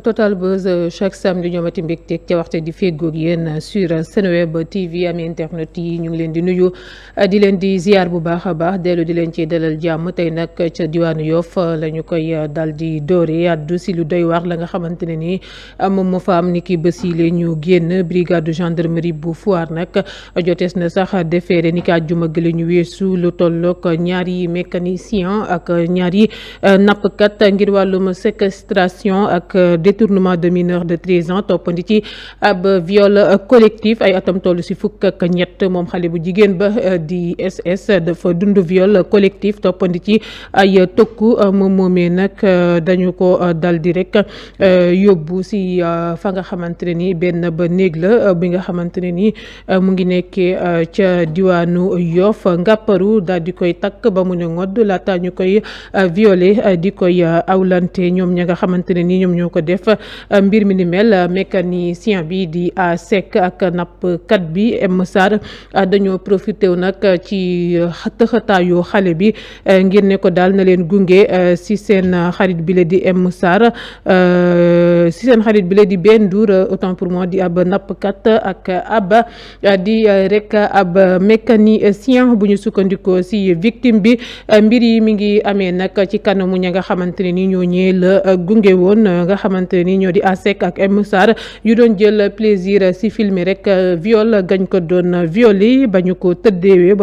Total Buzz euh, chaque samedi ñoomati mbégteeg ca waxte di feggoog yéen sur Senweb TV am internet yi ñu ngi leen di nuyu euh, di leen di ziar bu baax a baax dellu di leen ci dalal jàmm tey nag ca diwaanu Yoff euh, la ñu koy dal di doore addu si lu doy la nga xamante ne ni moom moo fa am ni ki bés yi la ñu génn brigade gendarmerie bu Foire nag jotees na sax defeere ni kaa juma gële ñu weesu lu tolloog ñaari mécanicien ak ñaari nappkat ngir wàllum séquestration ak détournement de mineur de 13 ans toppandi ci ab viol collectif ay atam toll si fukk ak ñett moom xale bu jigéen ba euh, di SS dafa dund viol collectif toppandi ci ay tokku euh, moom moomee nag euh, dañu ko dal di rek yóbbu si fa nga xamante ne ni benn ba néeg la bi nga xamante ne ni mu ngi nekkee ca diwaanu Yoff ngàpparu daal koy takk ba mu ne ngodd laata ñu koy violé di koy awlante ñoom ña nga xamante ne ni ñoom ñoo ko def def euh, mbir mi ni mel euh, mécanicien bi di a euh, sec ak nappkat bi M Sarr dañoo profité wu nag ci tëxataayu xale bi ngir ne ko daal na leen gunge si seen xarit bile di M Sarr si seen xarit bi bile di benn duur autant pour moi di ab nappkat ak ab di rek ab mécanicien bu ñu sukkandikoo si victime bi mbir yi mi ngi amee nag ci kanamu ña nga xamante ni ñoo la gunge woon nga xamante xamante ni ñoo di ASEC ak M Sarr yu euh, ko doon viol yi ba ñu ko tëddeewee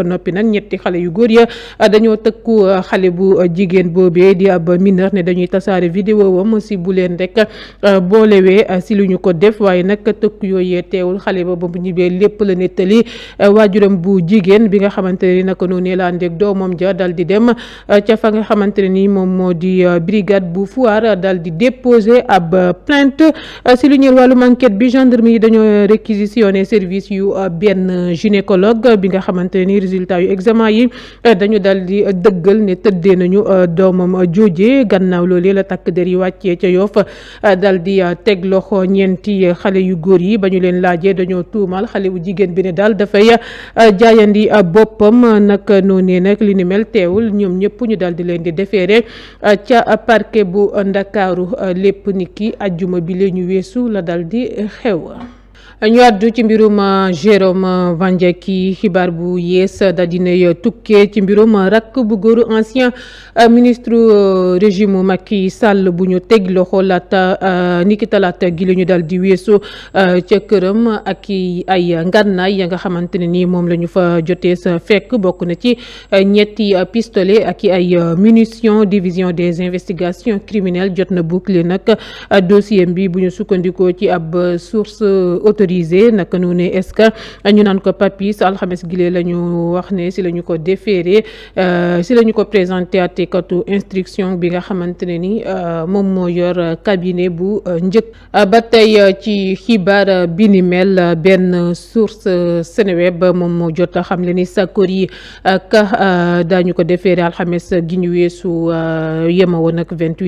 xale yu góor ya euh, dañoo tëkku euh, xale bu jigéen boobee di ab mineur ne dañuy tasaare vidéo wam si bu leen rek boolewee si lu ñu ko def waaye nag tëkku yooyee teewul xale ba ba bu ñibbee lépp la nettali waajuram bu jigéen bi nga xamante ne naka noonu la ànd ak doomam ja dal di dem ca fa nga xamante ni moom moo di brigade bu Foire dal di déposer ab euh, plainte euh, si lu ñeel wàllum enquête bi gendarme yi dañoo euh, réquisitionné service yu benn gynécologue bi nga xamante ni résultat yu examen yi dañu dal di dëggal ne tëddee nañu doomam jooje gannaaw loolee la takk der yi wàcce ca yoo dal di teg loxo ñeenti xale yu góor yi ba ñu leen laajee dañoo tuumal xale bu jigéen bi ne daal dafay jaayandi boppam nag noonee nag li ni mel teewul ñoom ñëpp ñu dal di leen di defeere ca parquet bu Ndakaaru lépp ni ki ajjuma bi la ñu weesu la dal di xew ñu àddu ci mbirum euh, Jérôme Bandiaky euh, xibaar bu yees euh, da dinay tukkee ci mbirum rakk bu góoru ancien ministre régime Macky sàll bu ñu teg loxo laata niki talaata gi la ñu daal di weesu ca këram ak i ay ngànnaay ya nga xamante ne ni moom la ñu fa jotee sa fekk bokk na ci ñetti pistolet ak ay munitions division des investigations criminelles jot na boucler nag dossier bi bu ñu sukkandikoo ci ab source autorité Lisée naka nu ne est-ce naan ko Papis alxames gile la ñu wax ne si la ñu ko déféré euh, si la ñu ko présenté àttekatu instruction bi nga xamante ne ni euh, moom moo yor cabinet bu euh, njëkk ba tey ci xibaar bi ni mel benn source Seneweb moom moo jot xam le ni sàkkoor yi ka daañu ko déféré alxames gi ñu weesu yema woon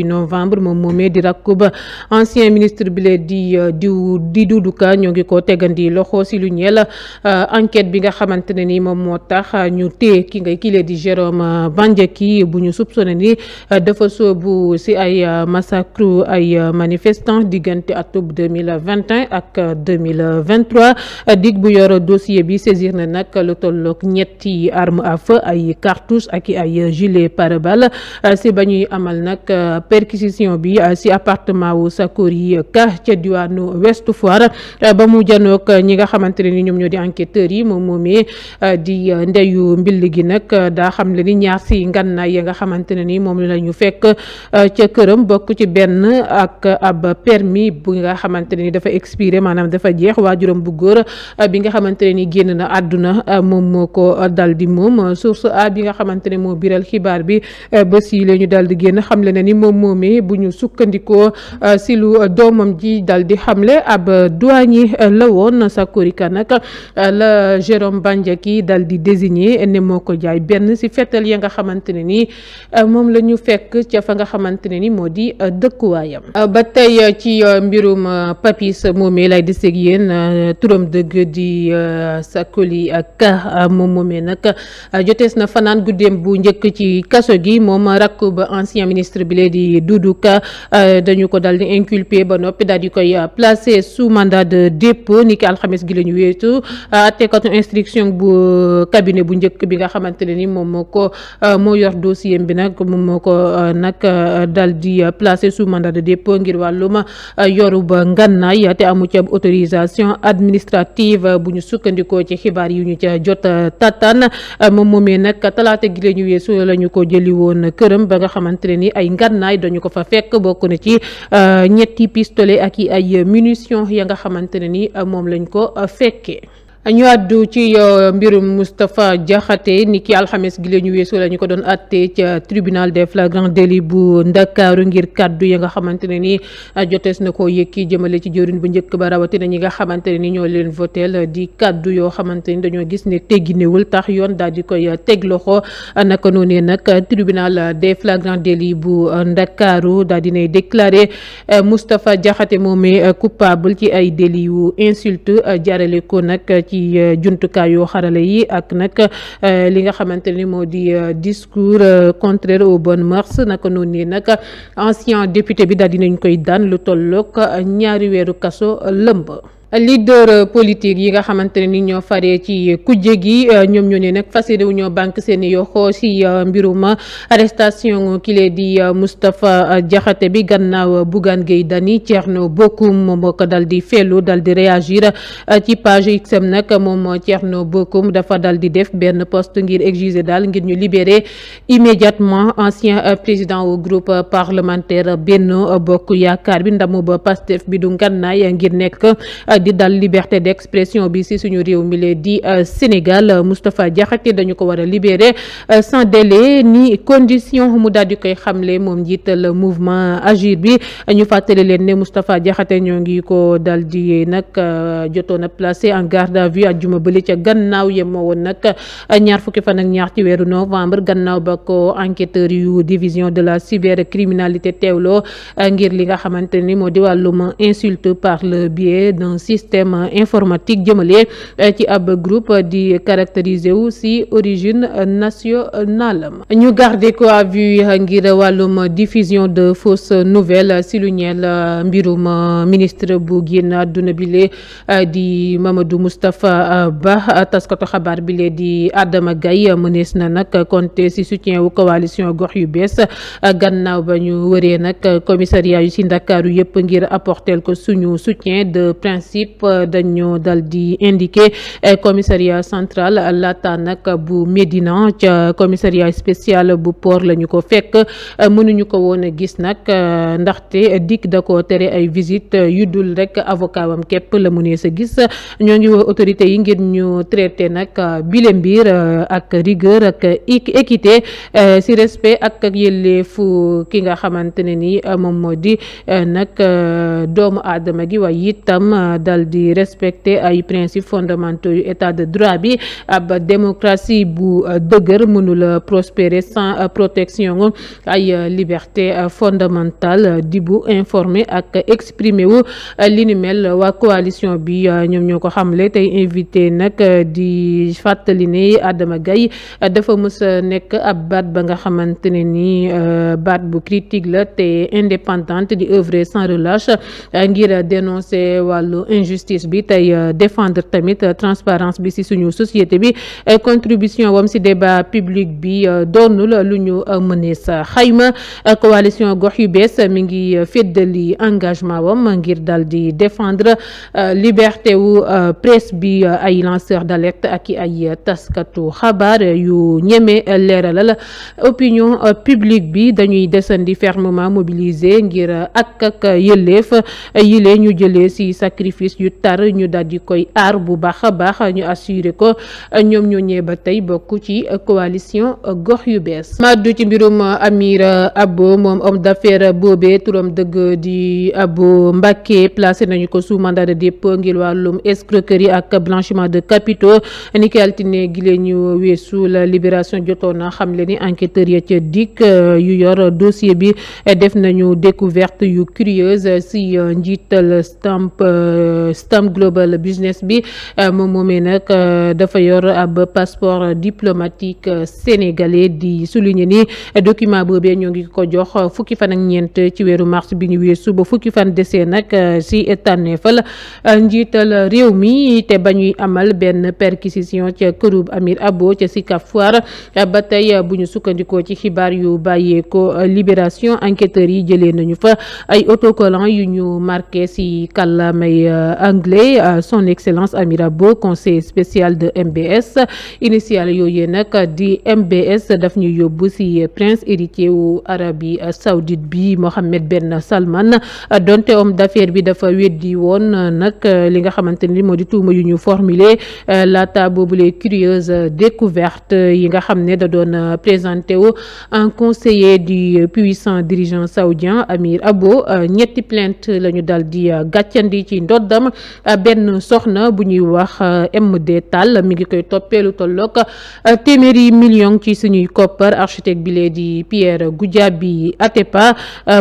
novembre moom moomee di rakkub ancien ministre bi di diw di Doudou ñoo ngi ko ko tegandi loxo si lu ñeel euh, enquête bi nga xamante ne ni moom moo tax euh, ñu te ki nga kile di Jérôme euh, Bandiaky bu ñu soupçonné ni dafa soobu si ay massacre ay manifestant diggante atub 2021 ak mille 2023 dig bu yor dossier bi saisir na nag lu tolloog ñetti arme à feu ay cartouche ak ay gilet pare si ba ñuy amal nag perquisition bi si appartement wu Sakori ca diwaanu Ouest Foire ba mu janook ñi nga xamante ne ni ñoom ñoo di enquêteurs yi moom moomee euh, di euh, ndeyu mbill gi nag euh, daa xam le ni ñaar si ngànnaay ya nga xamante ne ni moom la ñu fekk ca këram bokk ci benn ak ab permis bu nga xamante ne ni dafa expiré maanaam dafa jeex waajuram bu góor bi nga xamante ne ni génn na àdduna moom moo ko dal di moom source a bi nga xamante ne moo biral xibaar bi bés yi la dal di génn xamle na ni moom moomee bu ñu sukkandikoo si lu doomam ji dal di xamle ab douanier la woon Sakorika nag la Jérôme Bandiaky dal di désigné ne moo ko jaay benn si fetal ya nga xamante ne ni moom la ñu fekk ca fa nga xamante ne ni moo di dëkkuwaayam ba tey ci mbirum Papis moomee lay deseeg yéen turam dëgg di Sacoly Ka moom moomee nag jotees na fanaan guddeem bu njëkk ci kaso gi moom rakk ba ancien ministre bi lee di Doudou Ka dañu ko dal di inculpé ba noppi daal di koy placé sous mandat de dépôt yëpp ni ki alxames gi la ñu weetu euh, instruction bu cabinet bu njëkk bi nga xamante ne ni moom moo ko euh, moo yor dossier bi nag moom moo ko euh, nag dal di placé sous mandat de dépôt ngir wàllum yorub ngànnaay te amu ci autorisation administrative bu ñu sukkandikoo ci xibaar yi ñu ca jot tatan moom moomee nag talaata gi la ñu weesu la ko jëli woon këram ba nga xamante ne ni ay ngànnaay dañu ko fa fekk bokk na ci ñetti pistolet ak i ay munitions ya nga xamante Euh, moom lañ ko euh, fekkee ñu àddu ci euh, mbirum Moustapha Diakhaté ni ki alxames gi la ñu weesoo la ñu ko doon àtte ca tribunal des flagrants délits bu Ndakaaru ngir kàddu yi nga xamante ne ni euh, jotees na koo yëkki jëmale ci jëriñ bu njëkk ba rawatina ñi nga xamante ne ni ñoo leen votel di kàddu yoo xamante ni dañoo gis ne tegginewul tax yoon daal di koy euh, teg loxo naka noonee nag tribunal des flagrants délits bu Ndakaaru daal dinay déclaré Moustapha Diakhaté moomee coupable ci ay délits yu insult jarale ko nag ci ci euh, jumtukaay yoo xarale yi ak nag euh, li nga xamante ni moo di euh, discours contraire au bon mœurs naka noon nii nag ancien député bi daal dinañ koy daan lu tollook ñaari weeru kaso lëmb leader euh, politique yi nga xamante ne ni ñoo faree ci kujje gi euh, ñoom ñoo ne nag fas yéene wu ñoo seen i yoxoo si euh, mbirum arrestation kile di Moustapha jaxate bi gannaaw Bougane Gueye Dany Thierno Bocoum moom moo ko dal di felu dal di réagir ci page XM nag moom moo noo Bocoum dafa dal di def benn poste ngir exiger daal ngir ñu libérer immédiatement ancien président au groupe parlementaire benn Bokk Yaakaar bi ndamu ba Pastef bi du ngannaay ngir nekk di dal liberté d'expression bi ci suñu réew mi lee di euh, Sénégal Moustapha Diakhaté dañu ko war a libérer euh, sans délai ni condition mu daal di koy xamle moom njiital mouvement Agir bi ñu fàttali leen ne Moustapha Diakhaté ñoo ngi ko dal di nag euh, jotoon a placé en garde à vue àjjuma bële ca gannaaw yemoo woon nag ñaar fukki fan ak ñaar ci weeru novembre gannaaw ba ko enquêteur yu division de la cybercriminalité teewloo ngir li nga xamante ni moo di wàllum insulte système informatique jëmale eh, ci ab groupe di caractérisé wu si origine nationale ñu garde ko à vue ngir wàllum diffusion de fausses nouvelle si lu ñeel eh, mbirum eh, ministre bu génn àdduna bile di Mamadou Moustapha Ba taskatu xabaar bile di Adama Gaye mënees na nag compter si soutien wu coalition gox yu bees gannaaw ba ñu wëree nag commissariat yu si Ndakaaru yëpp ngir apporter ko suñu soutien de principe principe euh, dañu dal di indiqué euh, commissariat centrale laata nag bu Médina ca commissariat spéciale bu port lañu ko fekk euh, mënuñu ko woon gis nag ndaxte dikk da ko tere ay visite yu dul rek avocat wam képp la mu nee sa gis ñoo ngi woo autorités yi ngir ñu traité nag bile mbir ak rigueur ak équité si respect ak yelleefu ki nga xamante ne moom moo di nag doomu aadama gi waaye itam dal di respecter ay principes fondamentaux yu état de droit bi ab démocratie bu euh, dëgër mënula euh, prospérer sans euh, protection ay liberté fondamentale di bu informer ak exprimer wu li ni mel waa coalition bi ñoom ñoo ko xamle tey invité nag di fàttali ne Adama Gaye dafa mës nekk ab baat ba nga xamante ne ni baat bu critique la te indépendante di œuvrer sans relâche ngir dénoncer wàllu injustice bi tey euh, défendre tamit euh, transparence bi ci suñu société bi contribution wam ci débat public bi euh, doonul lu ñu mënees xayma coalition gox yu bees mi ngi feddali engagement wam ngir dal di défendre liberté wu presse bi ay lanceur d'alerte ak i ay taskatu xabaar yu ñeme leeralal opinion publique bi dañuy desandi fermement mobilisé ngir ak ak yëleef yile ñu jëlee ci sacrifice sacrifice yu tar ñu daal koy aar bu baax a baax ñu assuré ko ñoom ñoo ñëwee ba tey bokk ci coalition gox yu bees. Madou ci mbirum Amir Abo moom homme d'affaires boobee turam dëgg di Abo Mbacké placé nañu ko sous mandat de dépôt ngir wàllum escroquerie ak blanchiment de capitaux ni ki altine gile ñu weesu la libération jotoon na ni enquêteurs ca dikk yu yor dossier bi def nañu découverte yu curieuse si njiital stamp. Euh, Stam Global Business bi euh, moom moomee nag euh, dafa yor ab passeport diplomatique sénégalais di souligner ni document boobee ñoo ngi ko jox fukki fan ak ñeent ci weeru mars bi ñu weesu ba fukki fan desee nag euh, si tànneefal njiital réew mi te ba ñuy amal benn perquisition ca këru Amir Abo ca Sicap Foire ba tey bu ñu sukkandikoo ci xibaar yu bàyyeeko libération enquêteurs yi jëlee nañu fa ay autocollants yu ñu marqué si kàllaamay Euh, anglais euh, son excellence Amira Bo conseiller spécial de MBS initial yooyu nag di MBS daf ñu yóbbu ci prince héritier wu Arabie euh, Saoudite bi Mohammed Ben Salman donte homme d'affaires bi dafa weddi woon nag li nga xamante ni moo di tuuma yu ñu formuler laata boobu les curieuses découvertes yi nga xam ne da doon présenté wu un conseiller du puissant dirigeant saoudien Amir Abo ñetti plainte la ñu dal di gàccandi ci ndodd itam euh, benn soxna bu ñuy wax euh, MD Tall mi ngi koy toppee lu tolloog euh, téeméeri million ci suñuy koppar architecte bi lee di Pierre bi Atepa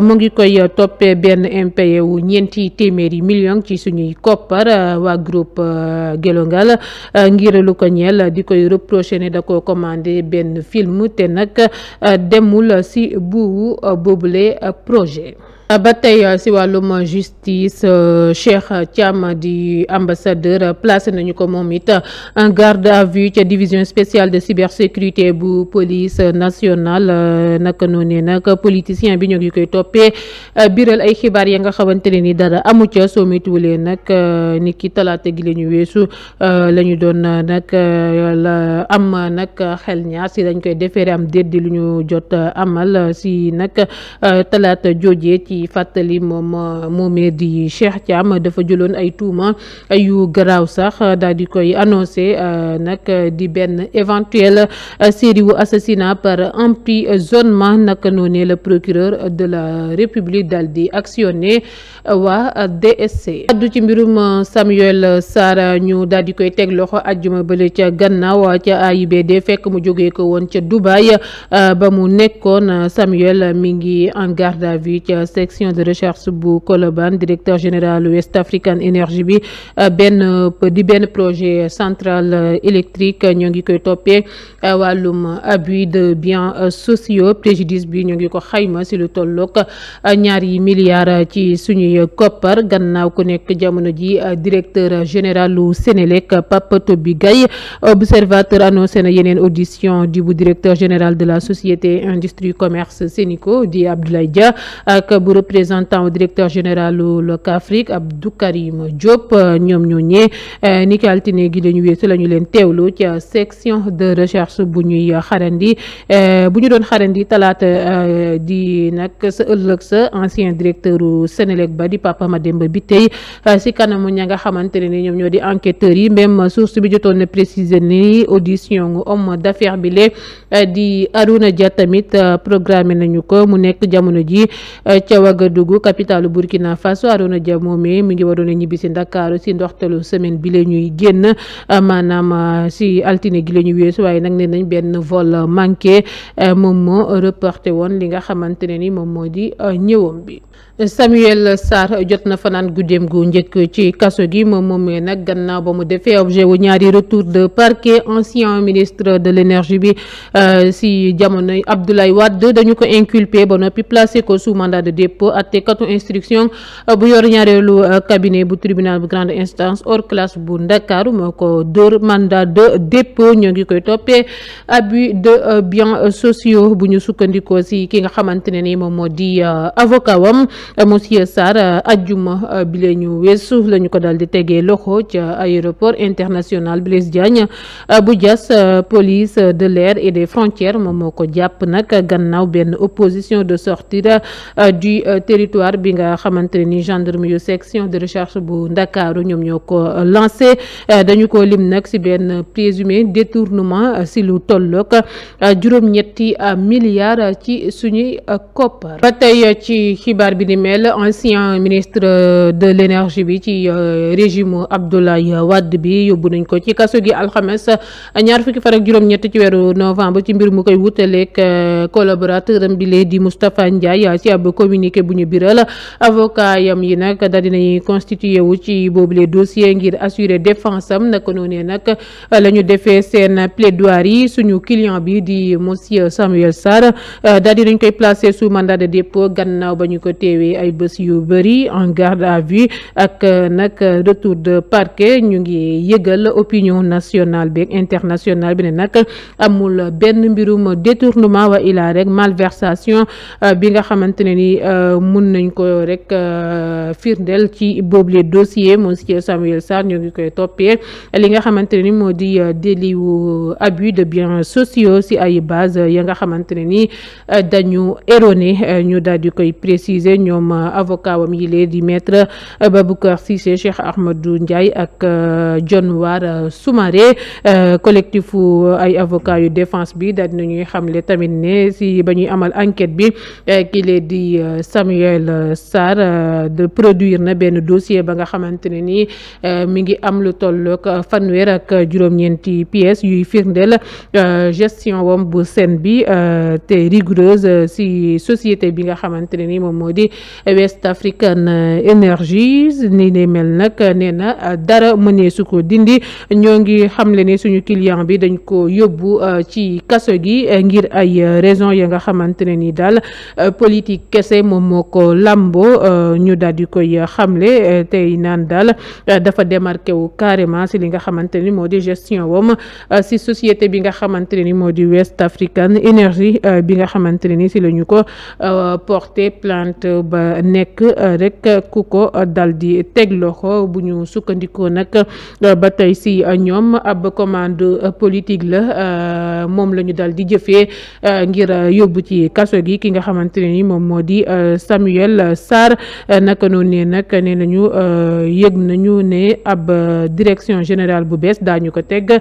mu ngi koy toppee benn impayé wu ñeenti téeméeri million ci suñuy koppar waa groupe Gelongal ngir ko ñel di koy reproché ne da ko commandé benn film te nag demul si buuwu boobule projet Euh, ba tey euh, si wàllum justice euh, Cheikh Thiam di ambassadeur placé nañu ko moom it en garde à vue ca division spéciale de cybersécurité bu police nationale naka ne nag politicien bi ñu ngi koy toppee biral ay xibaar ya nga xamante ne ni dara amu ca soo métuwulee nag nit ki talaata gi la ñu weesu la ñu doon nag la am nag xel ñaar si dañ koy defeere am déet lu ñu jot amal si nag talaata joojee ci fàttali moom moomee di Cheikh Thiam dafa jëloon ay tuuma yu garaaw sax daal di koy annoncé euh, nag di benn éventuel euh, série wu assassinat par emprisonnement naka noonee le procureur de la République daal di actionné waa DSC. addu ci mbirum euh, Samuel Sarr ñu daal di koy teg loxo ajjuma bële ca gannaaw ca AIBD fekk mu jógee ko woon ca Dubaï ba mu nekkoon Samuel mi ngi en garde ca section de recherche bu Colobane directeur général West African Energy bi euh, benn euh, di benn projet central euh, électrique ñoo ngi koy toppee wàllum abus de biens sociaux préjudice bi ñoo ngi ko xayma si lu tollook ñaari milliards ci suñuy koppar gannaaw ku nekk jamono ji directeur général u Sénélec Pape Toby Gaye observateur annoncé na yeneen audition di bu directeur général de la société industrie commerce Sénico di Abdoulaye Dia représentant au directeur général lu Kaafrik Abdou Karim Diop ñoom ñoo ñee eh, ni ki altine gi dañu weesu la ñu leen teewloo ci section de recherche bu ñuy xarandi eh, bu ñu doon xarandi talaata eh, di nag sa ëllëg sa ancien directeur u Sénélec ba di Papa Mademba bi tey si kanamu ña nga xamante ne ni ñoom ñoo di enquêteurs yi même source bi jotoon na préciser ni audition homme d'affaires bi le di Arouna Dia tamit programme nañu ko mu nekk jamono ji ca Ouagadougou capitale Burkina Faso Arona Dia moomee mi ngi waroon a ñibbi si Ndakaaru ci ndoxtalu semaine bi la ñuy génn euh, maanaam euh, si altine gi la ñu weesu waaye nag nee nañ benn vol manqué euh, moom moo reporté woon li nga xamante ne ni moom moo di ñëwam bi Samuel Sarr jot na fanaan guddeem gu njëkk ci kaso gi moom moomee nag gannaaw ba mu defee objet wu ñaari retour de parquet ancien ministre de l'énergie bi euh, si jamono Abdoulaye Wade dañu ko inculpé ba noppi placé ko sous mandat de dépôt àttekatu instruction bu yor ñaareelu euh, cabinet bu tribunal bu grande instance hors classe bu Ndakaaru moo ko dóor mandat de dépôt ñoo ngi koy toppee abus de euh, biens sociaux bu ñu sukkandikoo si ki nga xamante ne nii moom moo di avocat wam monsieur Sarr ajjuma euh, bi la ñu weesu la ñu ko daal di tegee loxo ca aéroport international Blaise Diagne euh, bu Diass euh, police de l'air et des frontières moom moo ko jàpp nag gannaaw benn opposition de sortir du territoire bi nga xamante ni gendarme yu section de recherche bu Ndakaaru ñoom ñoo ko lancé dañu ko lim nag si benn présumé détournement si lu tollook juróom-ñetti milliards ci suñuy koppar ba tey ci xibaar bi ni mel ancien ministre euh, de l'énergie bi ci euh, régime Abdoulaye Wade bi yóbbu nañ ko ci kaso gi alxames ñaar fukki fan ak juróom-ñett ci weeru novembre ci mbir mu koy wutaleeg euh, collaborateur bi lee di Moustapha Ndiaye ci ab communiqué bu ñu biral avocat yam yi nag daal dinañ constitué wu ci boobu les dossiers ngir assurer défense am naka noonee nag la ñu defee seen plaidoirie yi suñu client bi di monsieur Samuel Sarr daal dinañ koy placer sous mandat de dépôt teewee ay bés yu bëri en garde à vue ak euh, nag euh, retour de parquet ñu ngi yëgal opinion nationale bi internationale bi ne nag amul benn mbirum détournement wa ilaa rek malversation euh, bi nga xamante ne ni mun nañ ko rek firndeel ci boobule dossier monsieur Samuel Sarr ñu ngi koy toppee li nga xamante ne ni moo di délit wu abus de biens sociaux si ay base ya nga xamante ne ni dañu erroné ñu daal koy préciser ñoom euh, avocat wam yi lee di maître euh, Baboucar Cissé Cheikh Ahmadou njaay ak euh, John War Soumaré collectifu ay avocat yu défense bi daal dinañuy xamle tamit ne si ba ñuy amal enquête bi ki lee di Samuel sar de produire na benn dossier ba nga xamante ne nii mi ngi am lu tollook fanweer ak juróom-ñeenti pièces yuy firndeel gestion wam bu scène bi te rigoureuse si société bi nga xamante ni moom moo di E West African énergie eh, ni ne mel nag eh, nee na eh, dara mënee su ko dindi ñoo ngi xamle ne suñu client bi dañ ko yóbbu ci kaso gi ngir ay raison ya nga xamante ne ni daal politique kese moom moo ko làmboo ñu daal di koy xamle tey naan daal dafa démarqué wu carrément si li nga xamante ni moo di gestion wam si société bi nga xamante ni moo di West African Energy bi nga xamante ni si la ko porté plainte ba nekk euh, rek euh, ku ko euh, dal di teg loxo bu ñu sukkandikoo nag ba tey si ñoom ab commande politique la moom la ñu dal di jëfee ngir yóbbu ci kaso gi ki nga xamante ne ni moom moo di Samuel Sarr naka noonu ne nag nee nañu yëg nañu ne ab direction général bu bees daa ñu ko teg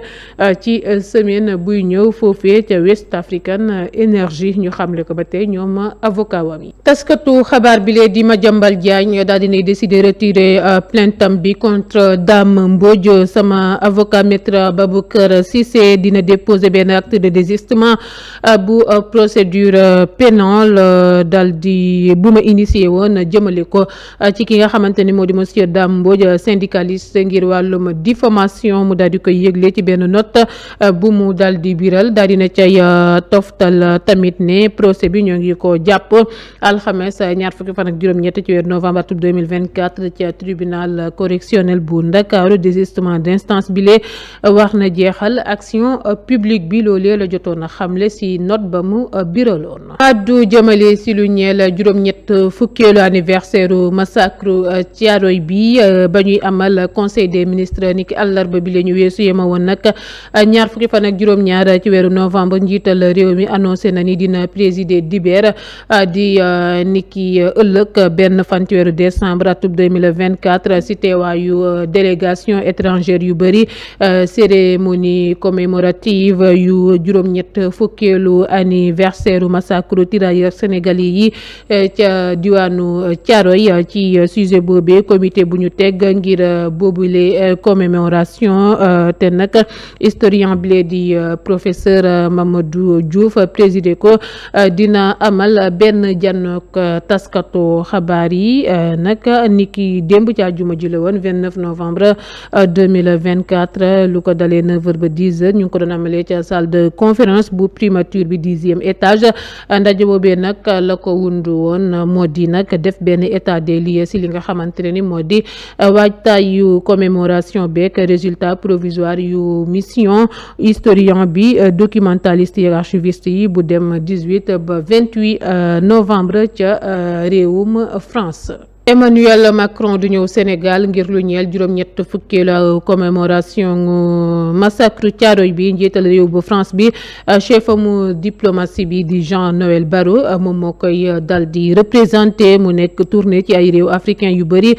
ci semaine buy ñëw foofee ca West African Energy ñu xamle ko ba tey ñoom avocat yi taskatu xabaar bile di Madiambal Diagne daal dinay décider retirer euh, plaintam bi contre Dame Mbodj sama avocat maître Baboucar Cissé dina déposer benn acte de désistement euh, bu euh, procédure pénale dal di bu ma initié woon jëmale ko ci ki nga xamante ni moo di monsieur Dame Mbodj syndicaliste ngir wàllum diffamation mu dal di koy yëgle ci benn note bu mu daal di biral daal dina cay toftal tamit ne procès bi ñoo ngi ko jàpp alxames ñaar fukki fukki fan ak juróom-ñett ci weer novembre atum 2024 ci tribunal correctionnel bu Ndakaaru désistement d'instance bi lee wax na jeexal action publique bi loolee la jotoon a xamle si note ba mu biraloon addu jëmale si lu ñeel juróom-ñett fukkeelu anniversaire massacre Thiaroye bi ba ñuy amal conseil des ministre niki àllarba bi la ñu weesu yema woon nag ñaar fukki fan ak juróom-ñaar ci weeru novembre njiital réew mi annoncé na ni dina présider dibeer di euh, niki ëllëg benn fan ci weeru décembre atub 2024 ci teewaayu euh, délégation étrangère yu bëri euh, cérémonie commémorative yu juróom-ñett fukkeelu anniversaire massacre tirailleurs sénégalais yi euh, ca diwaanu Thiaroy ci sujet boobee comité bu teg ngir boobule commémoration te nag historien bi di professeur Mamadou Diouf présidé ko dina amal benn jànnoog taskat taskatu xabaar yi euh, nag niki démb ci àjjuma ji la woon 29 novembre 2024 euh, lu ko dalee 9h ba 10h ñu ngi ko doon amalee ca salle de conférence bu primature bi dixième étage ndaje boobee nag la ko wundu woon moo di nag def benn état de lieux si li nga xamante ne ni moo di euh, yu commémoration beeg résultat provisoire yu mission historien bi documentaliste yi archiviste yi bu dem ba novembre ca réewum France Emmanuel Macron du ñëw Sénégal ngir lu ñeel juróom-ñett fukki la euh, commémoration euh, massacre Thiaroye bi njiital réew bu France bi euh, chef mu diplomatie bi di Jean-Noël Barrot moom moo koy dal di représenté mu nekk tournée ci ay réew africain yu bëri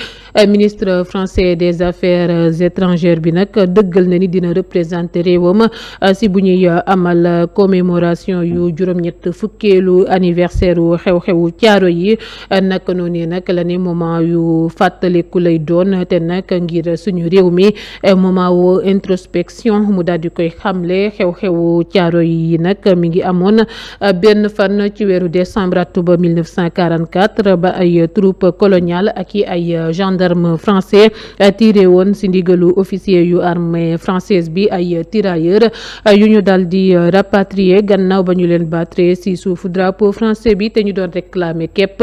ministre français des affaires étrangères bi nag dëggal na ni dina représenté réewam si bu ñuy amal commémoration yu juróom-ñett fukkeelu anniversaire xew-xewu Thiaroye yi naka noonu nag la ne moom moment yu fàttaliku lay doon te nag ngir suñu réew mi eh, moment wu introspection mu daal di koy xamle xew xew caaro yi nag mi ngi amoon eh, benn fan ci weeru décembre atuba 1944 ba ay troupe coloniale ak i ay gendarme français eh, tiré woon si ndigalu officier yu armée française bi ay tirailleur yu ñu daal di rapatrier gannaaw ba ñu leen battre si suufu drapeau français bi te ñu doon réclamer képp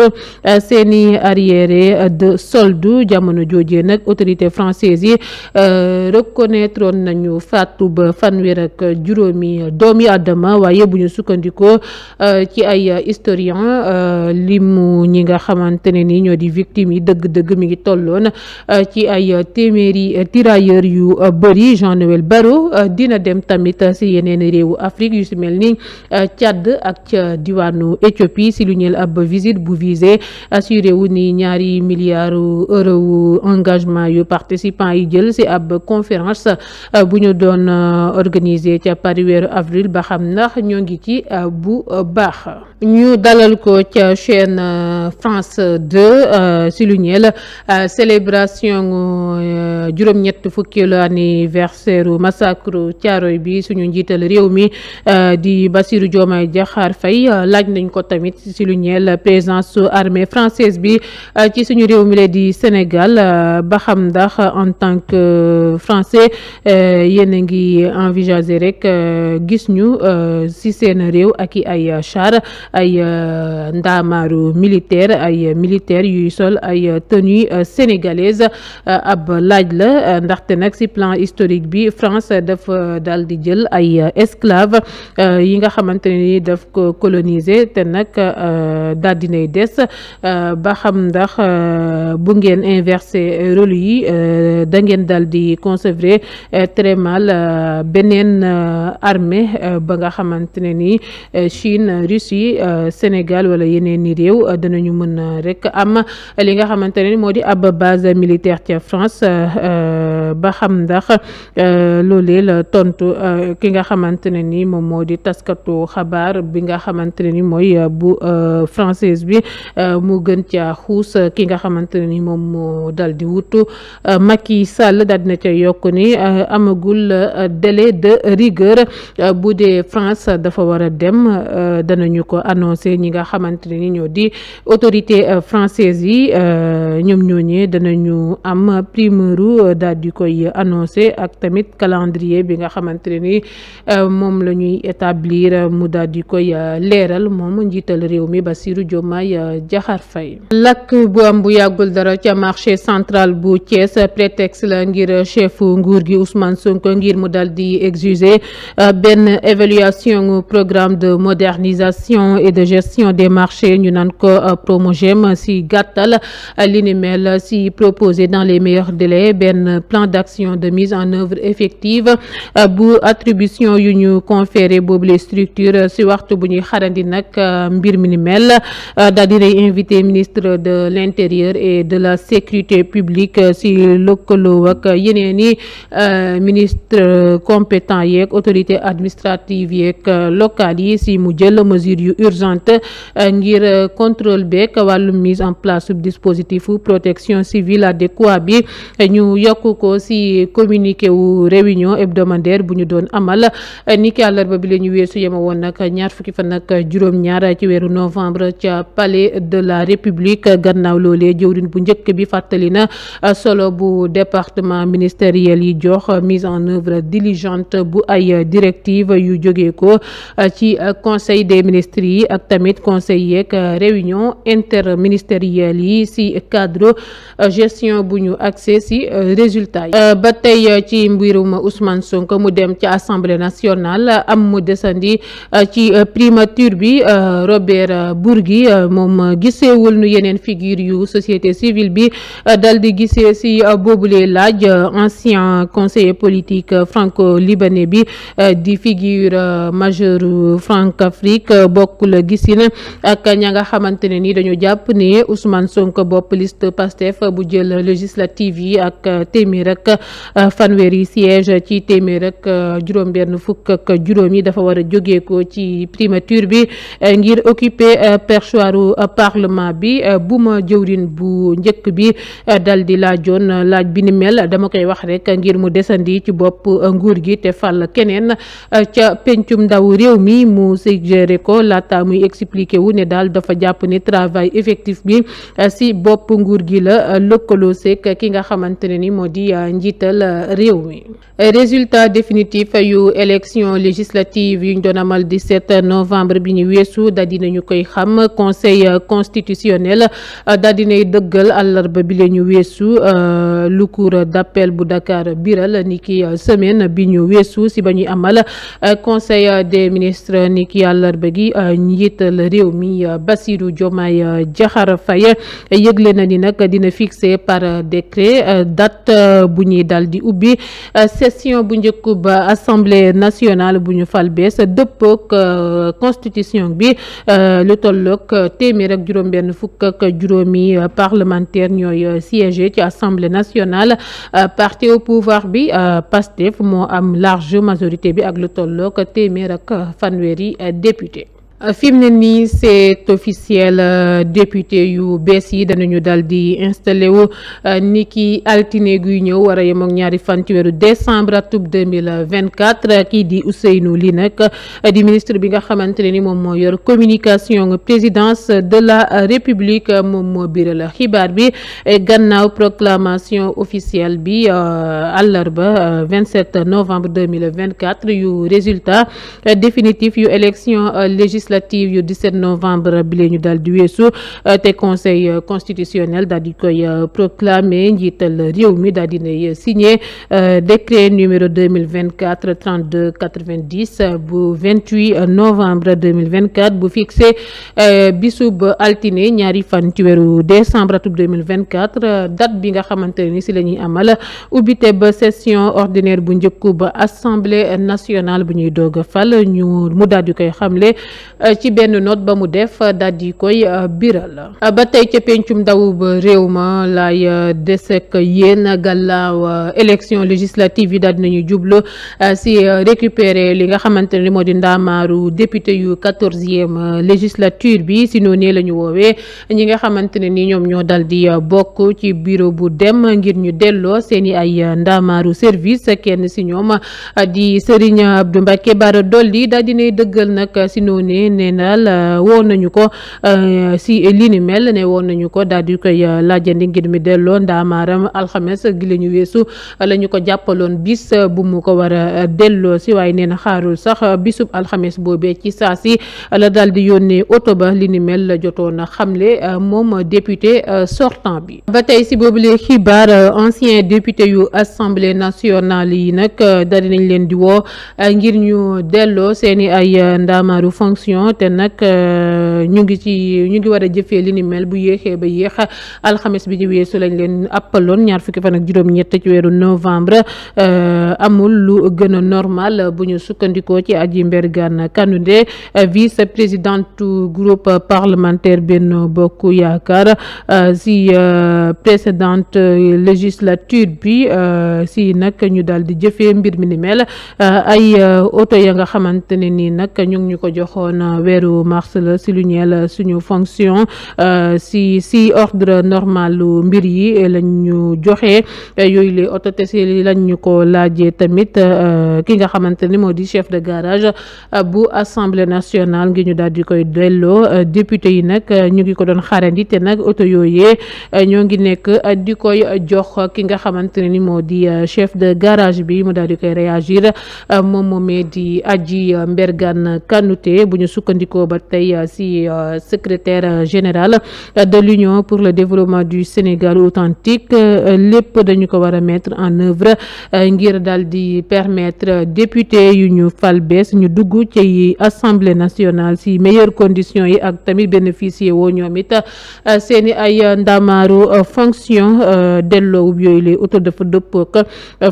seeni arriéré journée euh, de solde jamono joojee nag autorité française yi euh, reconnaître nañu faatu ba fanweer ak juróomi doomi àddama waaye bu ñu sukkandikoo euh, ci ay historien limu ñi nga xamante ne ni ñoo di victime yi dëgg-dëgg mi ngi tolloon ci ay téeméeri tirailleurs yu bëri Jean-Noël Barrot dina dem tamit si yeneen réewu Afrique yu si mel ni Tchad ak ca diwaanu Éthiopie si lu ñeel ab visite bu visé assuré ni ñaari ñetti milliards euro wu engagement yu participants yi jël ci ab conférence euh, bu ñu doon euh, organiser ca Paris weeru avril ba xam ndax ñoo ngi ci euh, bu baax ñu dalal ko ca chaîne euh, France 2 euh, si lu ñeel euh, célébration juróom-ñett fukkeelu anniversaire massacre Thiaroye bi suñu njiital réew mi di Bassirou Diomaye Diakhar Faye laaj nañ ko tamit si lu ñeel présence armée française bi ci suñu réew mi la di Sénégal ba xam ndax en tant que français yéen a ngi envisager rek gis ñu si seen réew ak i ay char ay euh, ndaamaaru militaire ay euh, militaire yuy sol ay euh, tenue sénégalaise ab laaj la ndaxte nag ci plan historique bi France dafa daal di jël ay esclave yi nga xamante ne ni daf ko coloniser te nag daal dinay des ba xam ndax bu ngeen inversé rôle yi da ngeen daal di conserver très mal beneen armée ba nga xamante ne ni Chine Russie Euh, Sénégal wala yeneen i réew euh, danañu mën euh, rek am li nga xamante ne moo di ab base militaire ca France ba xam ndax loolee la tontu ki nga xamante ne ni moom moo di taskatu xabaar bi nga xamante ne ni mooy bu française bi mu gën ca xuus ki nga xamante ne ni moom moo dal di wutu Macky sal daal dina ca yokk ni amagul délai de rigueur bu dee France dafa war a dem danañu ko. annoncé ñi nga xamante ne ñoo di autorité euh, française yi euh, ñoom ñooñee danañu am primeuru euh, daal di koy annoncé ak tamit calendrier bi nga xamante ne ni moom la ñuy établir mu daal di koy leeral moom njiital réew mi ba Bassirou Diomaye Diakhar Faye lakk bu am bu yàggul dara ca marché centrale bu Thiès prétexte la ngir chef nguur gi Ousmane Sonko ngir mu daal di exiger benn évaluation programme de modernisation promotion et de gestion des marchés ñu naan ko euh, Promogem si gàttal euh, li ni si proposé dans les meilleurs délais benn plan d'action de mise en œuvre effective euh, bu attribution yu ñu conféré boobu les structures si waxtu bu ñuy xarandi nag mbir mi ni mel daal invité ministre de l'intérieur et de la sécurité publique si lëkkaloo ak yeneen i ministre compétent yeeg autorité administrative yeeg locale si mu mesure yu urgente euh, ngir euh, contrôle beeg wàllu mise en place sub dispositif protection civile adéquat bi euh, ñu yokk ko ci communiqué wu réunion hebdomadaire bu ñu doon amal ni ki àllarba bi la ñu weesu yema woon nag ñaar fukki fan nag juróom-ñaar ci weeru novembre ca palais de la république gannaaw loolee jëwriñ bu njëkk bi fàttali na solo bu département ministériel yi jox mise en œuvre diligente bu ay directive yu jógee ko ci conseil des ministres yi ak tamit conseil yeeg euh, réunion interministérielle yi ci cadre euh, gestion bu ñu accès ci euh, résultat yi ba tey ci mbirum Ousmane Sonko mu dem ci assemblée nationale am mu desandi ci primature bi Robert Bourgui moom giseewul nu yeneen figure yu société civile bi dal di gisee ci boobule laaj ancien conseiller politique franco-libanais bi di figure majeure Francafrique bokk yi gisine ak ña nga xamante ne ni dañu jàpp ne Ousmane sonk bopp liste Pastef bu jël législative yi ak téeméer ak euh, fanweeri siège ci téeméer ak euh, juróom-benn fukk ak juróom yi dafa war a jóge ko ci primature bi euh, ngir occuper perchoiru parlement bi bu ma jëwrin bu njëkk bi dal di laajoon laaj bi ni mel dama koy wax rekk ngir mu desandi ci bopp nguur gi te fal keneen ca pencum ndaw réew mi mu suggéré ko laata laata muy expliqué wu ne daal dafa jàpp ne travail effectif bi eh, si bopp nguur gi la eh, lëkkaloo seek ki nga xamante ne ni moo di eh, njiital réew mi résultat définitif yu élection législative yuñ doon amal 17 novembre bi ñu weesu daal dinañu koy xam conseil constitutionnel daal dinay dëggal àllarba bi la ñu weesu lu cour d'appel bu Dakar biral ni ki semaine bi ñu weesu si ba ñuy amal conseil des ministres ni ki àllarba gi njiital réew mi Bassirou Diomaye Diakhar Faye yëgle na ni nag dina fixé par décret date euh, bu ñuy dal di ubbi euh, session bu njëkk ba assemblée nationale bu ñu fal bees dëppook euh, constitution bi lu tollook téeméer ak juróom benn fukk ak juróomi parlementaire ñooy siégé ci assemblée nationale parti au pouvoir bi Pastef moo am large majorité bi ak lu tollook téeméer ak fanweeri député fi mu ne nii c'est officiel euh, député yu bees yi danañu dal di installé wu euh, ni ki altine guy ñëw war a yem ak ñaari fan ci weeru décembre atub 2024 kii di Ousseynou Ly nag euh, di ministre bi nga xamante ne ni moom moo yor communication présidence de la république moom moo biral xibaar bi gannaaw proclamation officielle bi àllarba 27 novembre 2024 yu résultat définitif yu élection législative yu 17 novembre bi la ñu daal di weesu euh, te conseil euh, constitutionnel daal di koy euh, proclamer njiital réew mi daal di nay signé décret numéro 2024 32 90 bu 28 novembre 2024 bu fixé bisub altine ñaari fan ci weeru décembre atub 2024 date bi nga xamante ne ni si la ñuy amal ubbité ba session ordinaire bu njëkku ba assemblée nationale bu ñuy doog fal ñu mu daal di koy xamle Euh, ci benn note ba mu def euh, daal di koy euh, biral ba tey ca pencum ndaw ba réew ma lay des yenn yéen gàllaaw élection législative yi daal nañu jublu si récupérer li nga xamante ne moo di ndaamaaru député yu quatorzième législature bi si noonu lañu woowee ñi nga xamante ne ni ñoom ñoo dal di bokk ci bureau bu dem ngir ñu delloo seeni ay ndaamaaru service kenn si ñoom di Serigne Abdou Mbacké Bara Dolly daal dinay dëggal nag si noonu ne nal woon nañu ko euh, si li ni mel ne woon nañu ko daal di koy euh, laajandi ngir mi delloo ndaamaaram alxames gi la ñu weesu lañu ko jàppaloon bis bu mu ko war a euh, delloo si waaye nee na xaarul sax bisub alxames boobee ci saa si la daal di yónnee oto ba li ni mel la jotoon a xamle moom député sortant bi ba tey si boobu lee xibaar ancien député yu assemblée nationale yi nag dari nañ leen di woo ngir ñu delloo seeni ay ndaamaaru fonction millions te nag euh, ñu ngi ci ñu ngi war a jëfee li ni mel bu yéexee ba yéex alxames bi ñu weesu lañ leen appaloon ñaar fukki fan ak juróom-ñett ci weeru novembre euh, amul lu gën a normal bu ñu sukkandikoo ci aji Mbergane Kanouté euh, vice présidente groupe parlementaire Benno Bokk Yaakaar si précédente législature bi si nag ñu daal di jëfee mbir mi ni mel ay oto ya nga xamante ne nii nag ñu ngi ñu ko joxoon Euh, weeru mars la si lu suñu fonction euh, si si ordre normal lu mbir yi lañ ñu joxe euh, yooyu les autotests yi lañ ñu ko laajee tamit ki nga xamante ni moo di chef de garage bu assemblée nationale ngi ñu daal di koy delloo député yi nag ñu ngi ko doon xaarandi te nag oto yooyee ñoo ngi nekk di koy jox ki nga xamante ni moo di chef de garage bi mu daal koy réagir moom moomee di aji mbergan kanute bu sukkandikoo ba tey euh, si euh, secrétaire euh, général de l'union pour le développement du Sénégal authentique lépp dañu ko war a mettre en œuvre ngir dal di permettre député yu ñu fal bees ñu dugg ci assemblée nationale si meilleures conditions yi ak tamit bénéficier woo ñoom it seeni ay ndamaaru fonction delloo yooyu les auto dafa dëppoo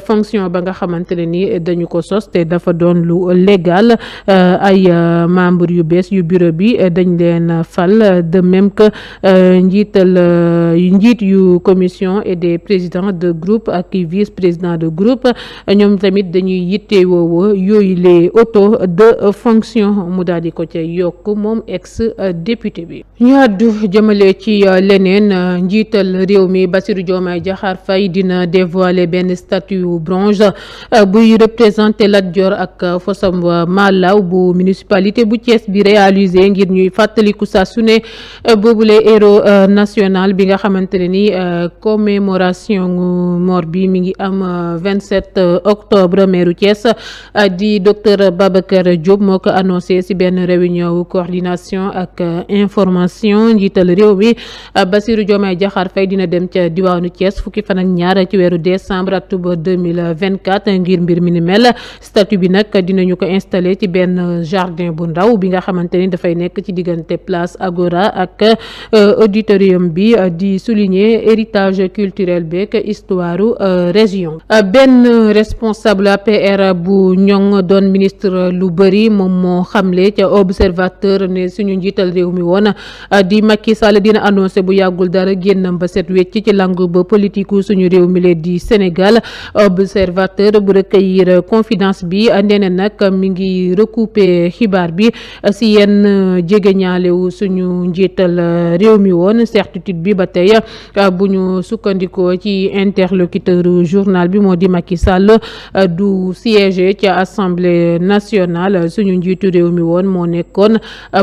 fonction ba nga xamante ni dañu ko sos te dafa doon lu légal ay membre membres yu bees yu bureau bi eh, dañ leen fal de même que eh, njiital eh, njiit yu commission et des président de groupe ak vice président de groupe ñoom tamit dañuy yitte woowo yooyu les auto de fonction mu daal di ko ca yokk moom ex député bi ñu àddu jëmale ci leneen njiital réew mi Bassirou Diomaye Diakhar fay dina dévoiler benn statue bronze buy représenter Lat ak Fossam Malaw bu municipalité bu Thiès presse bi réalisé ngir ñuy fàttaliku saa su ne euh, boobule héros euh, nationale bi nga xamante ne ni euh, commémoration mort bi mi ngi am 27 octobre meeru Thiès di docteur Babacar Diop moo ko annoncé ci benn réunion coordination ak information njiital réew mi Bassirou Diomaye Diakhar fay dina dem ca diwaanu Thiès fukki fan ak ñaar ci weeru décembre atub 2024 ngir mbir mi ni mel statut bi nag dinañu ko installé ci benn jardin bu ndaw bi nga xamante ni dafay nekk ci diggante place Agora ak euh, auditorium bi euh, di souligner héritage culturel beeg histoire euh, région benn responsable APR bu ñoŋ doon ministre lu bëri moom moo xamle ca observateur ne suñu njiital réew mi woon di Macky Sall dina annoncé bu yàggul dara génnam ba set wecc ci langue ba politique suñu réew mi leen di Sénégal observateur bu recueillir confidence bi nee nag mi ngi recouper xibaar bi si yenn euh, jege ñaalewu suñu njiital euh, réew mi woon certitude bi ba tey euh, bu ñu sukkandikoo ci interlocuteur journal bi moo di Macky Sall du siège ca assemblée nationale suñu njiitu réew mi woon moo nekkoon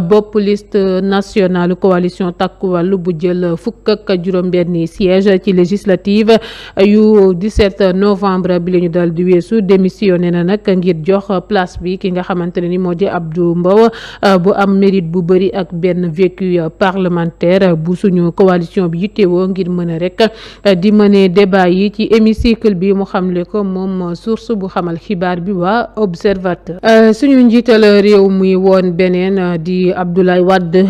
bopp liste nationale coalition takk Wallu bu jël fukk ak juróom-benni siège ci législative yu 17 novembre bi la ñu dal di weesu démissionné na nag ngir jox place bi ki nga xamante ne ni moo di Abdou Mbow Euh, bu am mérite bu bari ak benn vécu euh, parlementaire euh, bu suñu coalition bi yittewoo ngir mën a rek di mëne débat yi ci hémicycle bi mu xamle ko moom source bu xamal xibaar bi waa observateur suñu njiital réew muy woon beneen di Abdoulaye Wade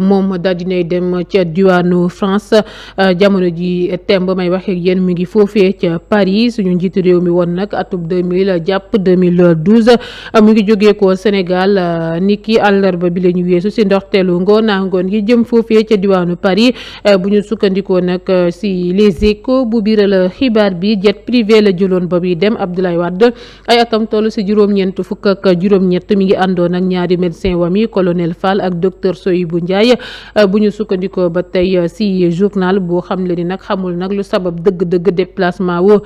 moom daal nay dem ca diwaanu France jamono ji temb may wax ak yéen mu ngi foofee ca Paris suñu njiitu réew mi woon nag atum 2000 jàpp 2012 mu ngi jógee Sénégal niki àllarba bi la ñu weesu si ndorteelu ngoonaangoon yi jëm foofee ca diwaanu Paris eh, bu ñu sukkandikoo nag eh, si les échos bu biiral xibaar bi jet privé la jëloon ba muy dem Abdoulaye Wade ay atam toll si juróom-ñeent fukk ak juróom-ñett mi ngi àndoon ak ñaari médecin wami colonel Fall ak docteur bu Ndiaye eh, bu ñu sukkandikoo ba tey si journal boo xam le ni nag xamul nag lu sabab dëgg-dëgg déplacement wu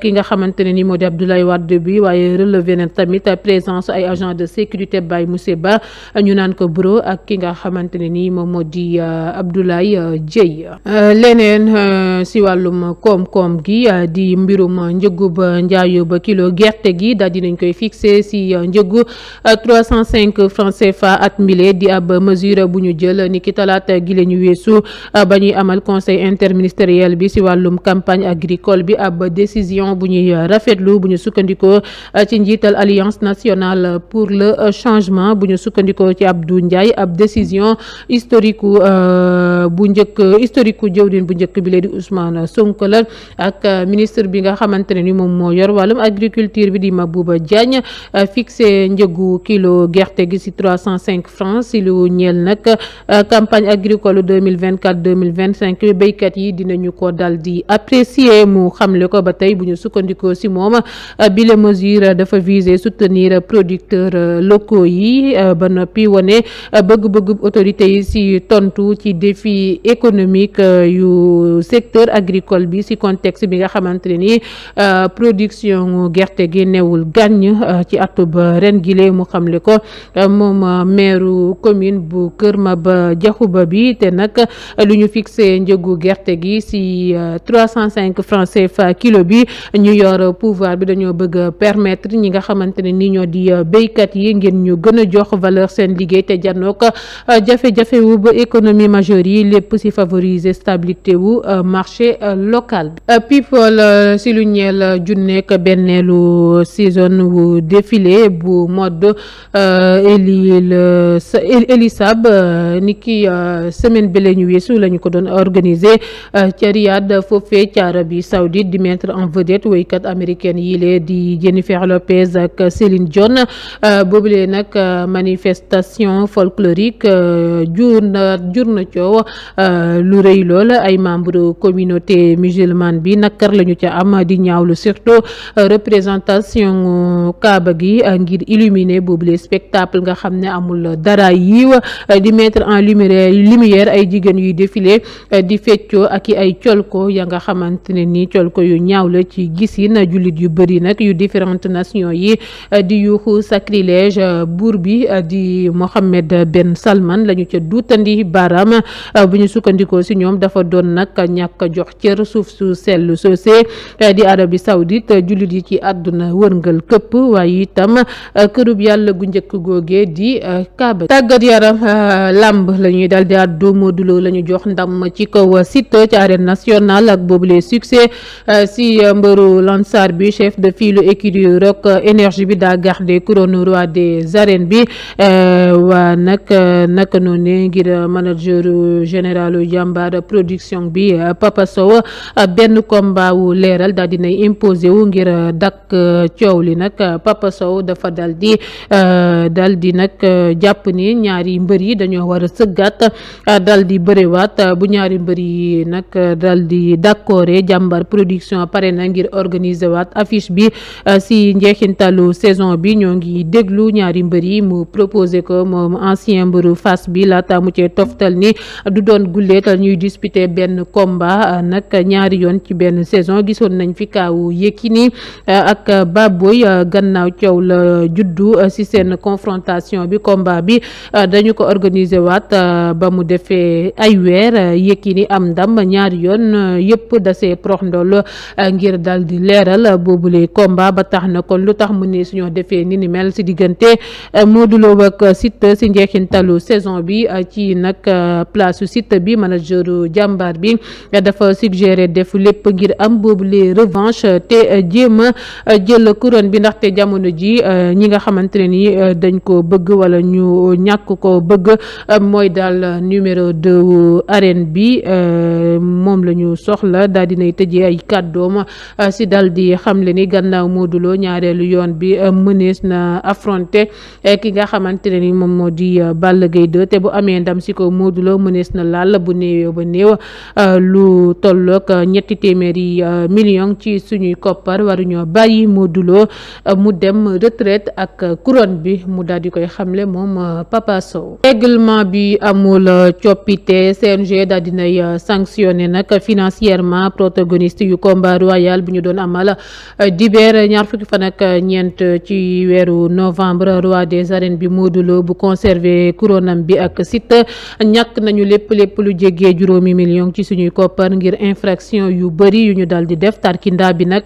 ki nga xamante ne ni moo di Abdoulaye Wade bi waaye relevé na tamit présence ay agent de sécurité bay monsieur Ba ñu naan ko Bro ak ki nga xamante ne ni moom moo di euh, Abdoulaye euh, Dieye euh, leneen si wàllum koom-koom gi di mbirum njëgub ba kilo gerte gi daal dinañ koy fixé si njëgu 305 francs CFA at mile di ab mesure bu ñu jël ni ki talaata gi la ñu weesu ba ñuy amal conseil interministériel bi si wàllum campagne agricole bi ab décision bu ñuy rafetlu bu ñu sukkandikoo ci njiital alliance nationale pour le changement bu ñu sukkandikoo ci ab du Ndiaye ab décision historique euh, bu njëkk historique ku bu njëkk bi lee di Ousmane Sonko la ak euh, ministre bi nga xamante ne ni moom moo yor wàllum agriculture bi di ma Mabouba Diagne euh, fixe njëgu kilo gerte gi ci trois cent cinq francs si lu ñeel nag campagne agricole 2024 2025 béykat yi dinañu ko dal di apprécier mu xamle ko ba tey bu ñu sukkandikoo si moom bile mesure dafa viser soutenir producteurs locaux yi ba noppi wane euh, bëgg-bëgg autorité yi ci tontu ci défi économique euh, yu secteur agricole bi ci contexte bi nga xamante ne ni euh, production gerte gi newul gàññ ci attu ba ren gile mu xam xamle ko moom maire commune bu Kër Maba ba bi te nag lu ñu fixé njëgu gerte gi ci trois cent cinq francs CFA kilo bi ñu yor pouvoir bi dañoo bëgg permettre ñi nga xamante ni ñoo di béykat yi ngeen ñu gën jox valeur valeur seen liggéey te janook euh, jafe-jafe ba économie majeure yi lépp si favoriser stabilité wu euh, marché euh, local people si lu ñeel junneek benneelu saison wu défilé bu mode Elie Elisab ni ki semaine bi la ñu weesu la ñu ko doon organiser ca Riyad foofee ca Arabie Saoudite di mettre en vedette woykat américaine yi di Jennifer Lopez ak Céline Dion boobule nag manif manifestation folklorique euh, jur na jur na coow euh, lu rëy lool ay membre communauté musulmane bi nakar lañu ca am di ñaawlu surtout euh, représentation kaaba gi ngir illuminer boobu les spectacle nga xam ne amul dara yiiw di mettre en lumière lumière ay jigéen yuy défilé di feccoo ak yi ay colko ya nga xamante ne nii colko yu ñaaw la ci gisin jullit yu bëri nag yu différentes nations yi di yuuxu sacrilège buur bi di Mohammed Ben Salman la ñu ca duutandi baaraam uh, bu ñu sukkandikoo si ñoom dafa doon nag ñàkk jox cër suuf su sel sell soosee uh, di Arabie Saoudite uh, jullit yi ci àdduna wërngal këpp waaye itam kërub yàlla gu njëkk googee di Kaaba tàggat yaram làmb lañuy dal daal di àddu Modou Lo jox ndam ci kaw Siteu ci arène nationale ak boobu succès si mbëru Lansar bi chef de file écurie Rock énergie bi daa garde couronne roi des arènes bi Euh, waa nag euh, naka noonu ngir euh, manager général jàmbar production bi Papa Sow benn combat wu leeral daal dina imposé wu ngir dakk coow li nag Papa Sow dafa dal di dal di nag jàpp ni ñaari mbër yi dañoo war a sëggaat dal di bëriwaat bu ñaari mbër yi nag dal di d'accord jàmbaar production pare na ngir organiser waat affiche bi si njeexintalu saison bi ñoo ngi déglu ñaari mbër yi mu proposé ko moom ancien mbëru Fass bi laata mu cee toftal ni du doon guleet ñuy disputer benn komba nag ñaari yoon ci benn saison gisoon nañ fi kaawu Yékini euh, ak Baboy euh, gannaaw coow la juddu ci euh, seen confrontation bi combat bi dañu ko organiser waat ba mu defee ay weer Yékini am ndam ñaari yoon yëpp dasee prox ndool ngir dal di leeral boobule combat ba tax na kon lu tax mu ne suñoo defee ni ni mel ci diggante Modou Lo ak euh, Siteu si njeexintalu saison bi euh, ci nag euh, place Siteu bi manageru jàmbaar bi dafa suggéré def lépp ngir am boobu les revanche te jéem a jël couronne bi ndaxte jamono ji ñi nga xamante ne ni dañ ko bëgg wala ñu ñàkk ko bëgg mooy daal numéro deux arène bi moom la ñu soxla daal dinay tëjee ay kàddoom si dal di xamle ni gannaaw Modou Lo ñaareelu yoon bi mënees na affronter ki nga xam xamante ne ni moom moo di euh, Balla Gaye 2 te bu amee ndam si ko Modou mënees na laal bu néewee ba néew euh, lu tolloog euh, ñetti téeméeri million ci suñuy koppar waruñoo bàyyi Modou Lo mu dem retraite ak couronne bi mu daal di koy xamle moom Papa Sow règlement bi amul coppite CNG daal dinay sanctionné nag financièrement protagoniste yu combat royal bu ñu doon amal dibeer ñaar fukki fan ak ñeent ci weeru novembre roi des arènes bi Modou Lo bu conservé couronam bi ak Siteu ñàkk nañu lépp lépp lu jéggee juróomi million ci suñuy koppar ngir infraction yu bëri yu ñu dal di def tarkindaa bi nag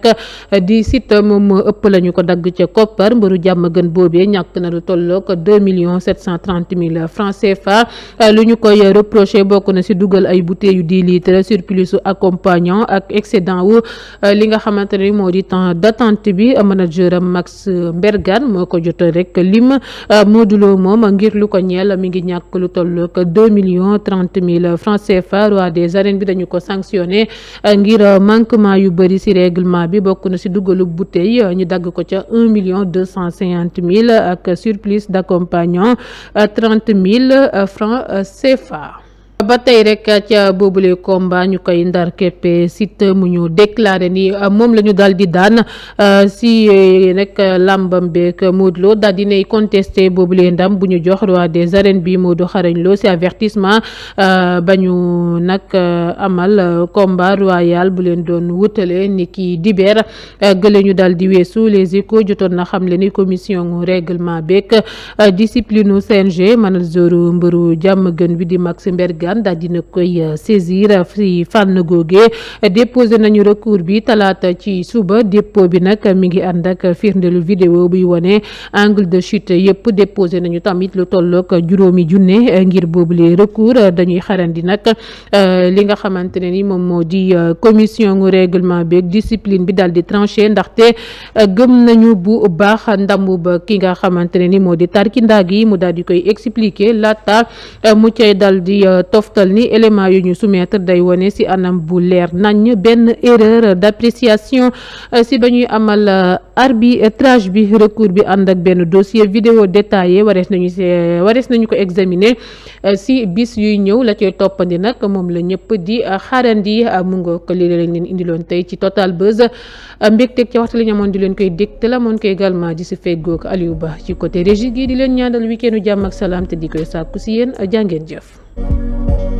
di Siteu moom moo ëpp la ñu ko dagg ca koppar mbëru jàmm gën boobee ñàkk na lu tollook deux millions sept cent trente mille francs CFA lu ñu koy reproché bokk na si dugal ay bouteilles yu dix litres surplus accompagnant ak excédent wu euh, li nga xamante ne moo di temps d'attente bi manager Max Mbergane moo ko jot Modou Lo moom ngir lu ko ñeel mi ngi ñàkk lu toll ak million millions trente mille francs CFA roi des arènes bi dañu ko sanctionné ngir manquement yu bëri ci réglement bi bokk na ci dugalu bouteille ñu dagg ko ca million deux cent cinquante mille ak surplus d'accompagnant trente mille francs CFA. ba tey rek ca boobule combat ñu koy ndar képpe Siteu mu ñu déclaré ni euh, moom lañu ñu daal di daan euh, si euh, rek làmbam beeg Modou Lo daal dinay contesté boobule ndam bu ñu jox roi des arènes bi Modou Xarañ Lo si avertissement ba ñu nag amal combat royal bu leen doon wutale ni ki dibeer gële ñu daal di weesu les échos jotoon na xam le ni commission règlement beeg discipline CNG manal zoru mbëru jàmm gën bi di Max Mberga Tidiane daal dina koy euh, saisir fi fànn googe déposé nañu recours bi talaata ci suba dépôt bi nag mi ngi ànd ak firndelu vidéo buy wone angle de chute yëpp déposé nañu tamit lu tollook juróomi junne euh, ngir boobule recours dañuy xarandi nag euh, li nga xamante ne ni moom moo di commission gu règlement beeg discipline bi daal di tranché ndaxte gëm nañu bu baax ndamu ba ki nga xamante ne ni moo di tarkindaa gi mu daal koy expliquer laata mu cay dal toftal ni élément yu ñu soumettre day wone ci anam bu leer nañ benn erreur d'appréciation euh, ci ba ñuy amal euh, arbitrage bi recours bi ànd ak benn dossier vidéo détaillé warees nañu ci euh, warees nañu ko examiner ci bis yuy ñëw la cay toppandi nag moom la ñëpp di xaarandi mu nga ko lii lañ leen indiloon tey ci Total Buzz mbégteeg ca waxtu li ñu amoon di leen koy dégg te la moon ko également di ci feggoog Aliou Ba ci côté régie gi di leen ñaanal wi endu jàmm ak di koy sàkku ci yéen jàngeen jëf Thank you.